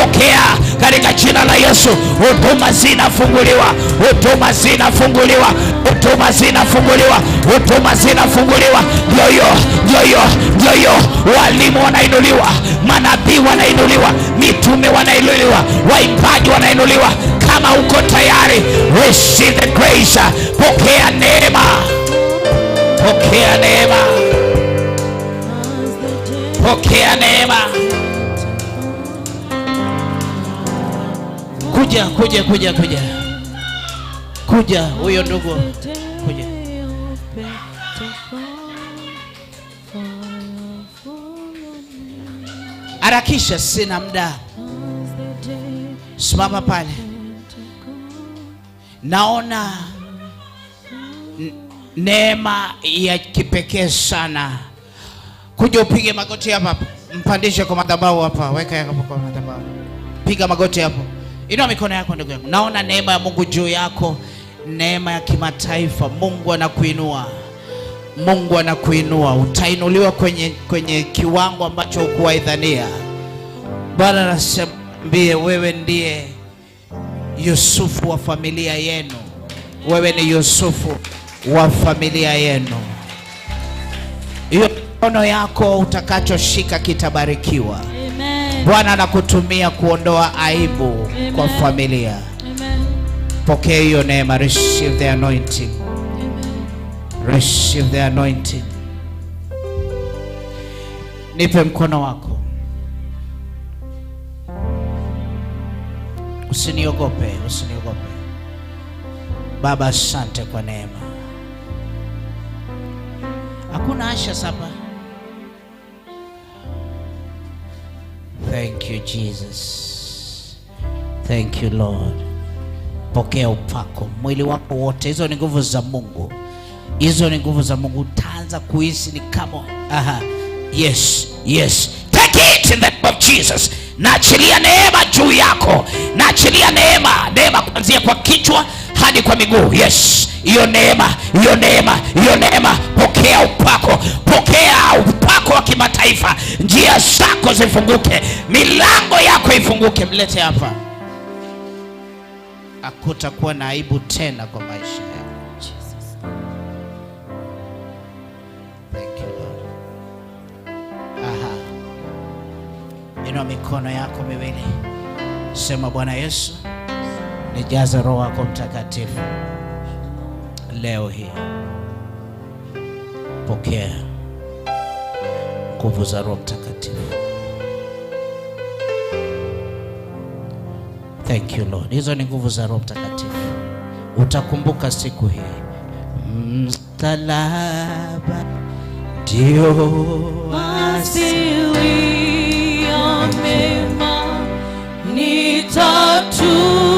pokea katika jina la Yesu. Huduma zinafunguliwa, huduma zinafunguliwa, huduma zinafunguliwa, huduma zinafunguliwa. Ndio hiyo, ndio hiyo, ndio hiyo. Walimu wanainuliwa, manabii wanainuliwa, mitume wanainuliwa, waimbaji wanainuliwa. Kama uko tayari, receive the grace, pokea neema, pokea neema, pokea neema. kuja kuja kuja kuja kuja, huyo ndugu kuja. Harakisha, sina muda. Simama pale, naona neema ya kipekee sana. Kuja upige magoti hapa, mpandishe kwa madhabahu hapa, weka hapo kwa madhabahu, piga magoti hapo. Inua mikono yako ndugu yangu, naona neema ya Mungu juu yako, neema ya kimataifa. Mungu anakuinua, Mungu anakuinua, utainuliwa kwenye, kwenye kiwango ambacho hukuwaidhania. Bwana nasambie, wewe ndiye Yusufu wa familia yenu, wewe ni Yusufu wa familia yenu. Hiyo mikono yako, utakachoshika kitabarikiwa. Bwana anakutumia kuondoa aibu Amen. kwa familia Amen. Pokea hiyo neema, receive the anointing. Receive the anointing. Nipe mkono wako, usiniogope, usiniogope. Baba, asante kwa neema. Hakuna asha sapa Thank you Jesus. Thank you Lord. Pokea upako mwili wako wote. Hizo ni nguvu za Mungu, hizo ni nguvu za Mungu. Utaanza kuhisi ni kama aha, yes yes, take it in the name of Jesus. Naachilia neema juu yako, naachilia neema, neema kuanzia kwa kichwa hadi kwa miguu. Yes, hiyo neema, hiyo neema, hiyo neema. Pokea upako, pokea mataifa, njia zako zifunguke, milango yako ifunguke. Mlete hapa, akutakuwa na aibu tena kwa maisha yako. Inua mikono yako miwili, sema: Bwana Yesu, nijaze Roho wako Mtakatifu leo hii, pokea nguvu za Roho Mtakatifu. Thank you Lord. Hizo ni nguvu za Roho Mtakatifu. Utakumbuka siku hii msalaba ndio mema nitatua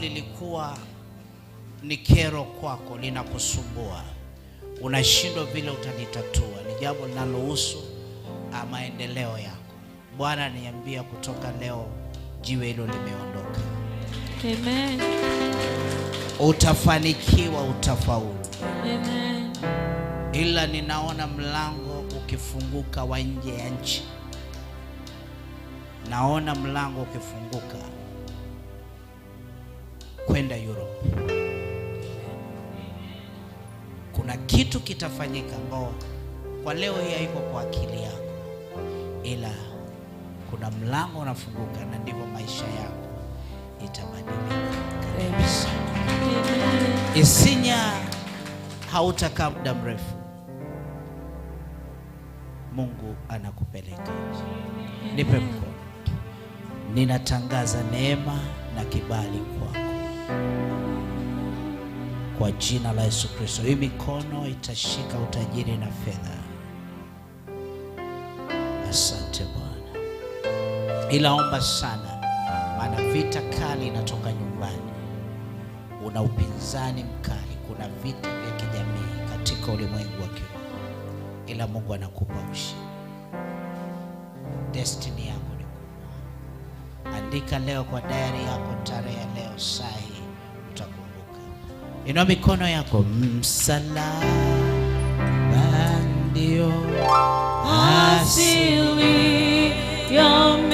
lilikuwa ni kero kwako, linakusumbua, unashindwa vile utalitatua, ni jambo linalohusu ah, maendeleo yako, Bwana niambia kutoka leo jiwe hilo limeondoka. Amen. Utafanikiwa, utafaulu. Amen. Ila ninaona mlango ukifunguka wa nje ya nchi, naona mlango ukifunguka kwenda Europe. Kuna kitu kitafanyika ambao kwa leo hii haiko kwa akili yako, ila kuna mlango unafunguka na ndivyo maisha yako itabadilika kabisa. Isinya hautakaa muda mrefu, Mungu anakupeleka. Nipe mkono, ninatangaza neema na kibali kwako kwa jina la Yesu Kristo. Hii mikono itashika utajiri na fedha. Asante Bwana, ilaomba sana, maana vita kali inatoka nyumbani. Una upinzani mkali, kuna vita vya kijamii katika ulimwengu wa kiroho, ila Mungu anakupa ushindi. Destiny yako ni kubwa. Andika leo kwa diary yako, tarehe ya leo, saa Inua mikono yako. Msalaba ndio asili yangu.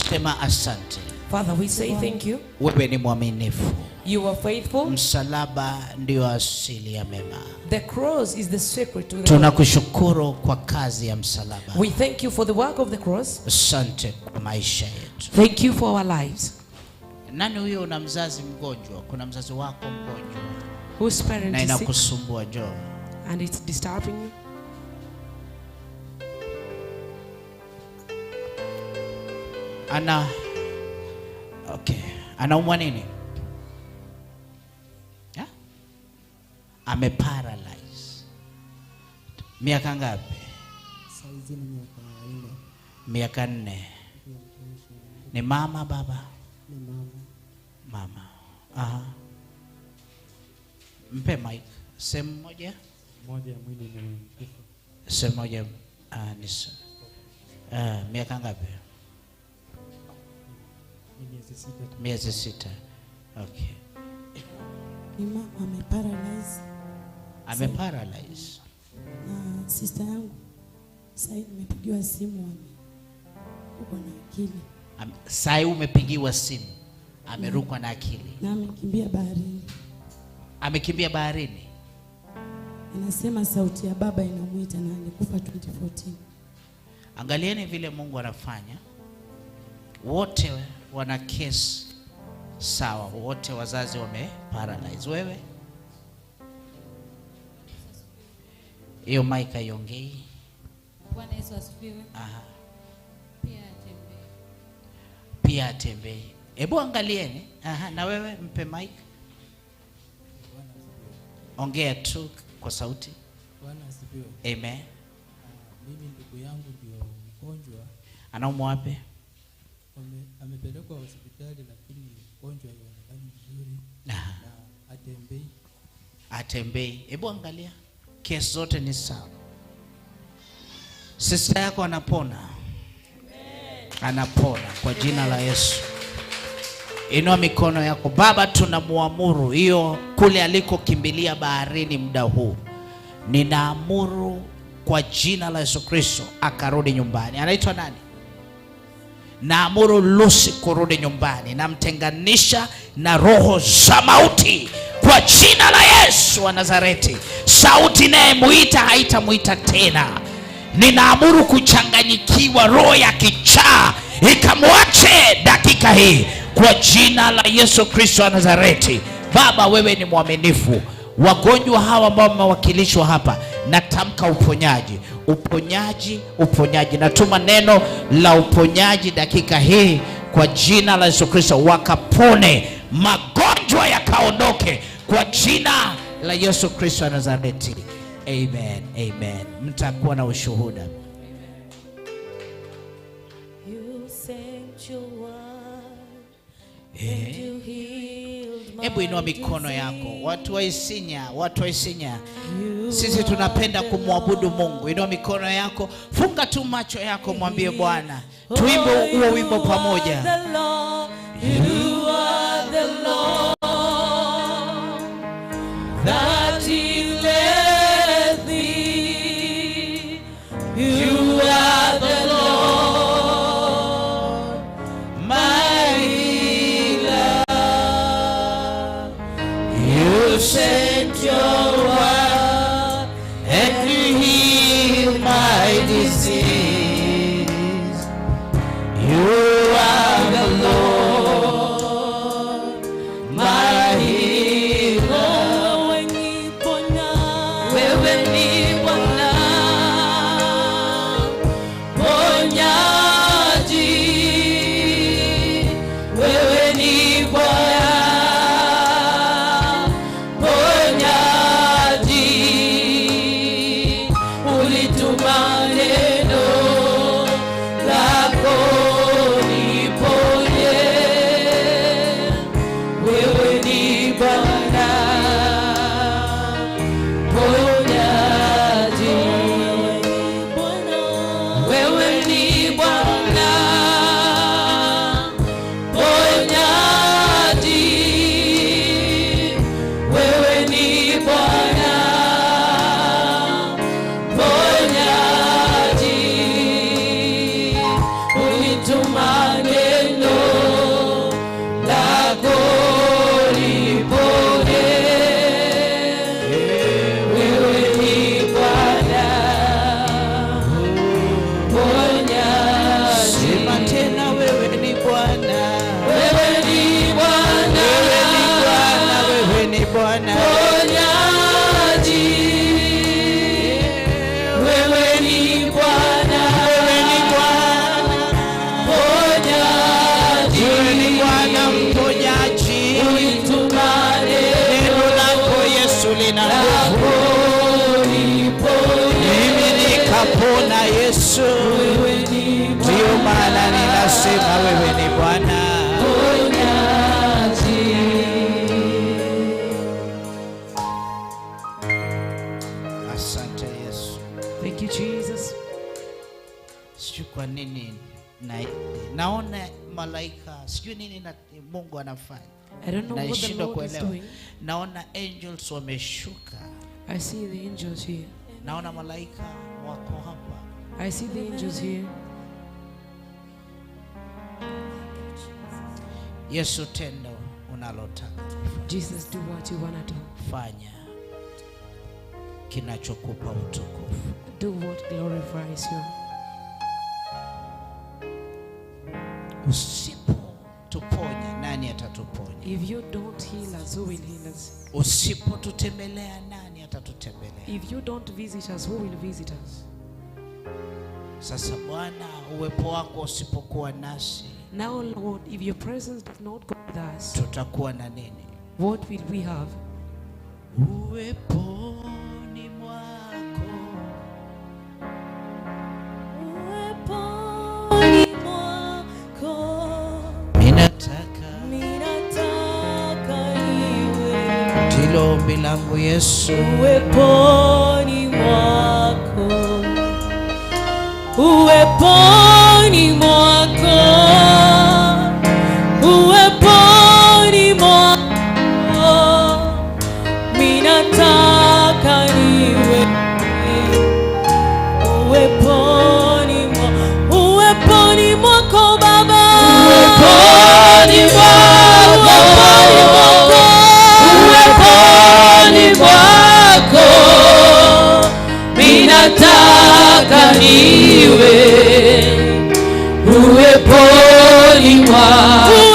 tunasema asante. Father, we say thank you. Wewe ni mwaminifu. You are faithful. Msalaba ndio asili ya mema. The cross is the secret to the Tunakushukuru kwa kazi ya msalaba. We thank you for the work of the cross. Asante kwa maisha yetu. Thank you for our lives. Nani huyo una mzazi mgonjwa? Kuna mzazi wako mgonjwa. Whose parent is sick? Na inakusumbua jo. And it's disturbing you. ana okay, anaumwa nini? Yeah? Ame paralyze. Miaka ngapi? Saizi ni miaka nne. Miaka nne. Ni mama baba? Ni mama. Mama. Aha. Mpe mic. Sehemu moja? Moja mwili ni mkifu. Sehemu moja. Ah, ni. Ah, miaka ngapi? miezi sita. Okay. ameparalyze. Na sister yangu sasa nimepigiwa simu amerukwa na akili. umepigiwa simu. Amerukwa na akili. Na amekimbia baharini. Amekimbia baharini. Anasema sauti ya baba inamuita na alikufa 2014. Angalieni vile Mungu anafanya. Wote wana kesi sawa, wote wazazi wame paralyze. Wewe hiyo maika iongei. Bwana Yesu asifiwe. Aha, pia atembei, pia atembei. Hebu angalieni. Aha, na wewe mpe maika, ongea tu kwa sauti. Bwana asifiwe. Amen. Ah, mimi ndugu yangu ndio mgonjwa. Anaumwa wapi? amepelekwa hospitali lakini mgonjwa haonekani vizuri na atembei. Atembei. Hebu angalia, kesi zote ni sawa. Sista yako anapona, anapona kwa jina la Yesu. Inua mikono yako. Baba, tunamwamuru hiyo kule alikokimbilia baharini muda huu, ninaamuru kwa jina la Yesu Kristo akarudi nyumbani. Anaitwa nani? naamuru Lusi kurudi nyumbani, namtenganisha na roho za mauti kwa jina la Yesu wa Nazareti. Sauti inayemuita haitamuita tena. Ninaamuru kuchanganyikiwa, roho ya kichaa ikamwache dakika hii kwa jina la Yesu Kristo wa Nazareti. Baba, wewe ni mwaminifu. Wagonjwa hawa ambao wamewakilishwa hapa Natamka uponyaji, uponyaji, uponyaji. Natuma neno la uponyaji dakika hii kwa jina la Yesu Kristo, wakapone magonjwa yakaondoke kwa jina la Yesu Kristo wa Nazareti. Amen, amen. Mtakuwa na ushuhuda. You sent your word. Hebu inua mikono yako, watu wa Isinya, watu wa Isinya, sisi tunapenda kumwabudu Mungu. Inua mikono yako, funga tu macho yako, mwambie Bwana, tuimbe huo wimbo pamoja. say na Yesu, ndiyo maana ninasema wewe ni Bwana. Asante Yesu. Thank you Jesus. Sijui kwa nini na, naona malaika sijui nini na Mungu anafanya kuelewa. Naona angels wameshuka. I see the angels here. Naona malaika wako hapa. I see the angels here. Yesu, tendo unalotaka. Jesus, do what you want to do. Fanya kinachokupa utukufu. Do what glorifies you. Usipo tuponya nani atatuponya? If you don't heal us, who will heal us? Usipo tutembelea nani atatutembelea. If you don't visit us, who will visit us? Sasa Bwana, uwepo wako usipokuwa nasi, Now Lord, if your presence does not go with us, tutakuwa na nini? what will we have? Uwepo ombi langu Yesu, uweponi mwako, uweponi mwako nataka niwe uweponi mwako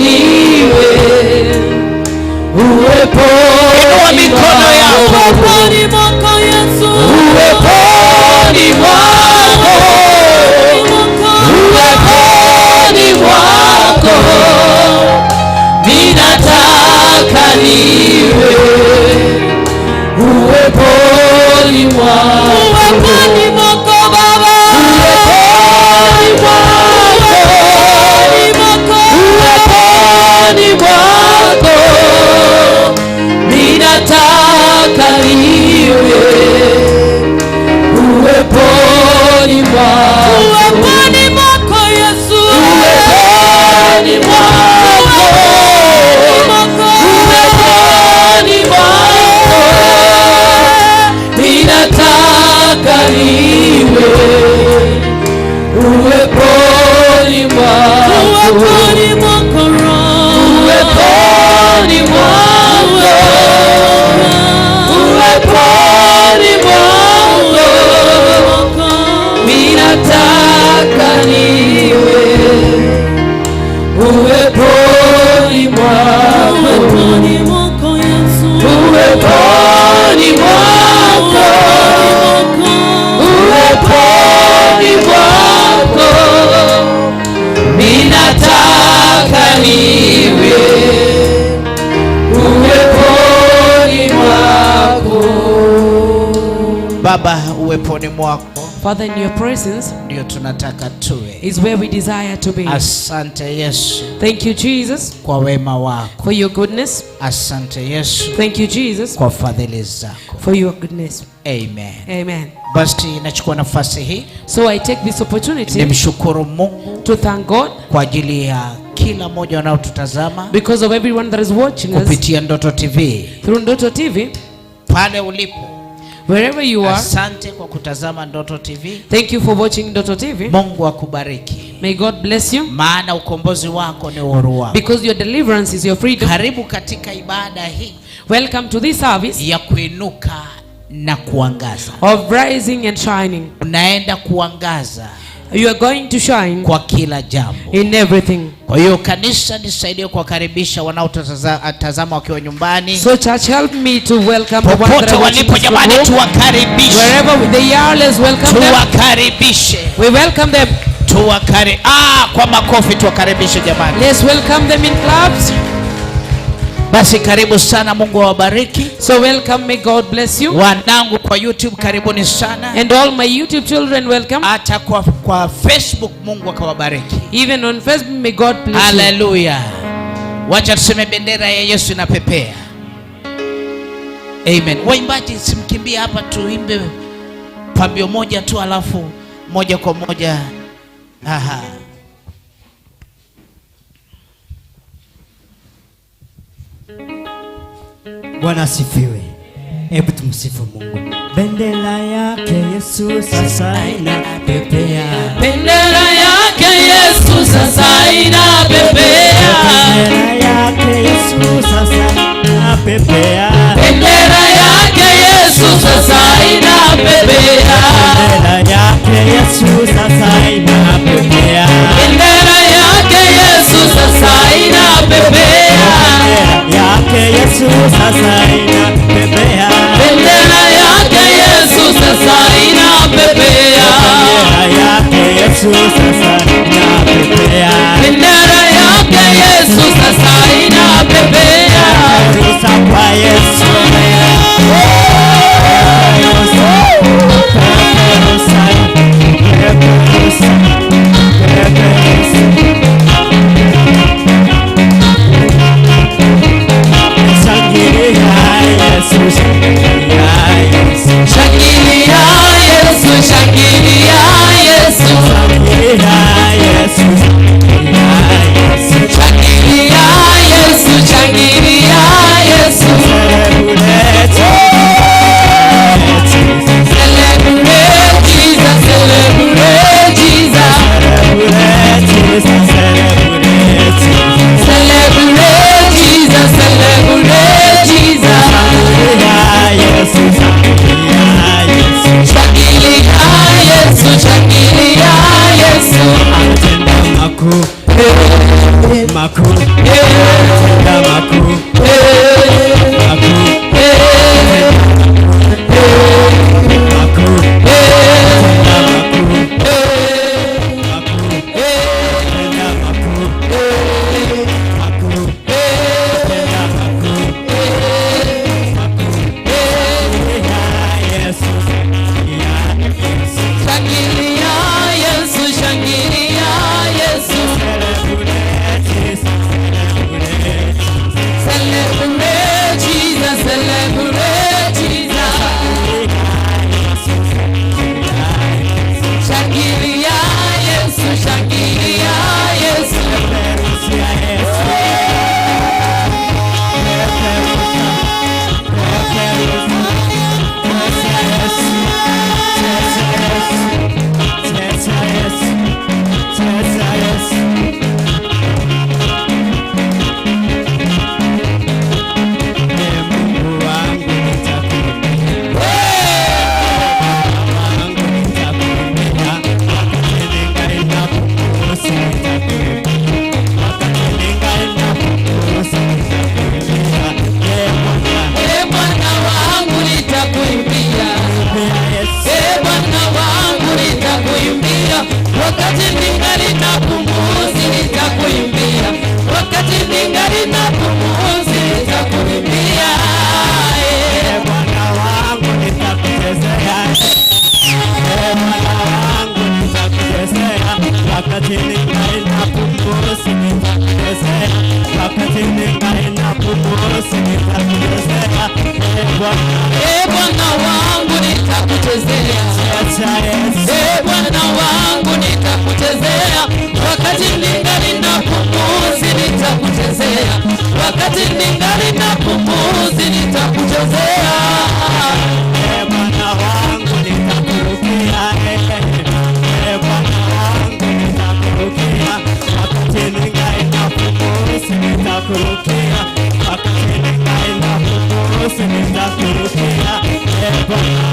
niwe uwepo inua mikono yako uweponi mwako uweponi mwako Uwepo ni mwako uweponi mwako Father, in your presence ndio tunataka tuwe. Is where we desire to be. Asante Yesu. Thank you Jesus. Kwa wema wako. For your goodness. Asante Yesu. Thank you Jesus. Kwa fadhili zako. For your goodness. Amen. Amen. Basi nachukua nafasi hii. So I take this opportunity. Nimshukuru Mungu. To thank God. Kwa ajili ya kila mmoja wanaotutazama. Because of everyone that is watching us. Kupitia Ndoto TV. Through Ndoto TV. Pale ulipo wherever you are. Asante kwa kutazama Ndoto TV. Thank you for watching Ndoto TV. Mungu akubariki. May God bless you. Maana ukombozi wako ni uhuru wako. Because your deliverance is your freedom. Karibu katika ibada hii. Welcome to this service. Ya kuinuka na kuangaza. Of rising and shining. Unaenda kuangaza. You are going to shine kwa kila jambo, in everything. Kwa hiyo kanisa nisaidie kuwakaribisha wanaotazama wakiwa nyumbani, so church help me to welcome the ones that are watching this from home, tuwakaribishe wherever they are, let's welcome them, tuwakaribishe, we welcome them, tuwakari ah, kwa makofi tuwakaribishe jamani, let's welcome them in clubs basi karibu sana, Mungu awabariki. So welcome, may God bless you. Wanangu kwa YouTube karibuni sana. And all my YouTube children welcome. Hata kwa, kwa Facebook Mungu akawabariki. Even on Facebook may God bless you. Hallelujah. Wacha tuseme bendera ya Yesu inapepea. Amen. Waimbaji simkimbia hapa, tuimbe pambio moja tu alafu moja kwa moja. Aha. Bwana asifiwe. Hebu tumsifu Mungu. Bendera yake Yesu sasa inapepea, bendera yake Yesu sasa inapepea, bendera yake Yesu sasa inapepea, bendera yake Yesu sasa inapepea, bendera yake Yesu sasa inapepea Yesu sasa inabebea wakati ningali na pumuzi nitakuchezea Bwana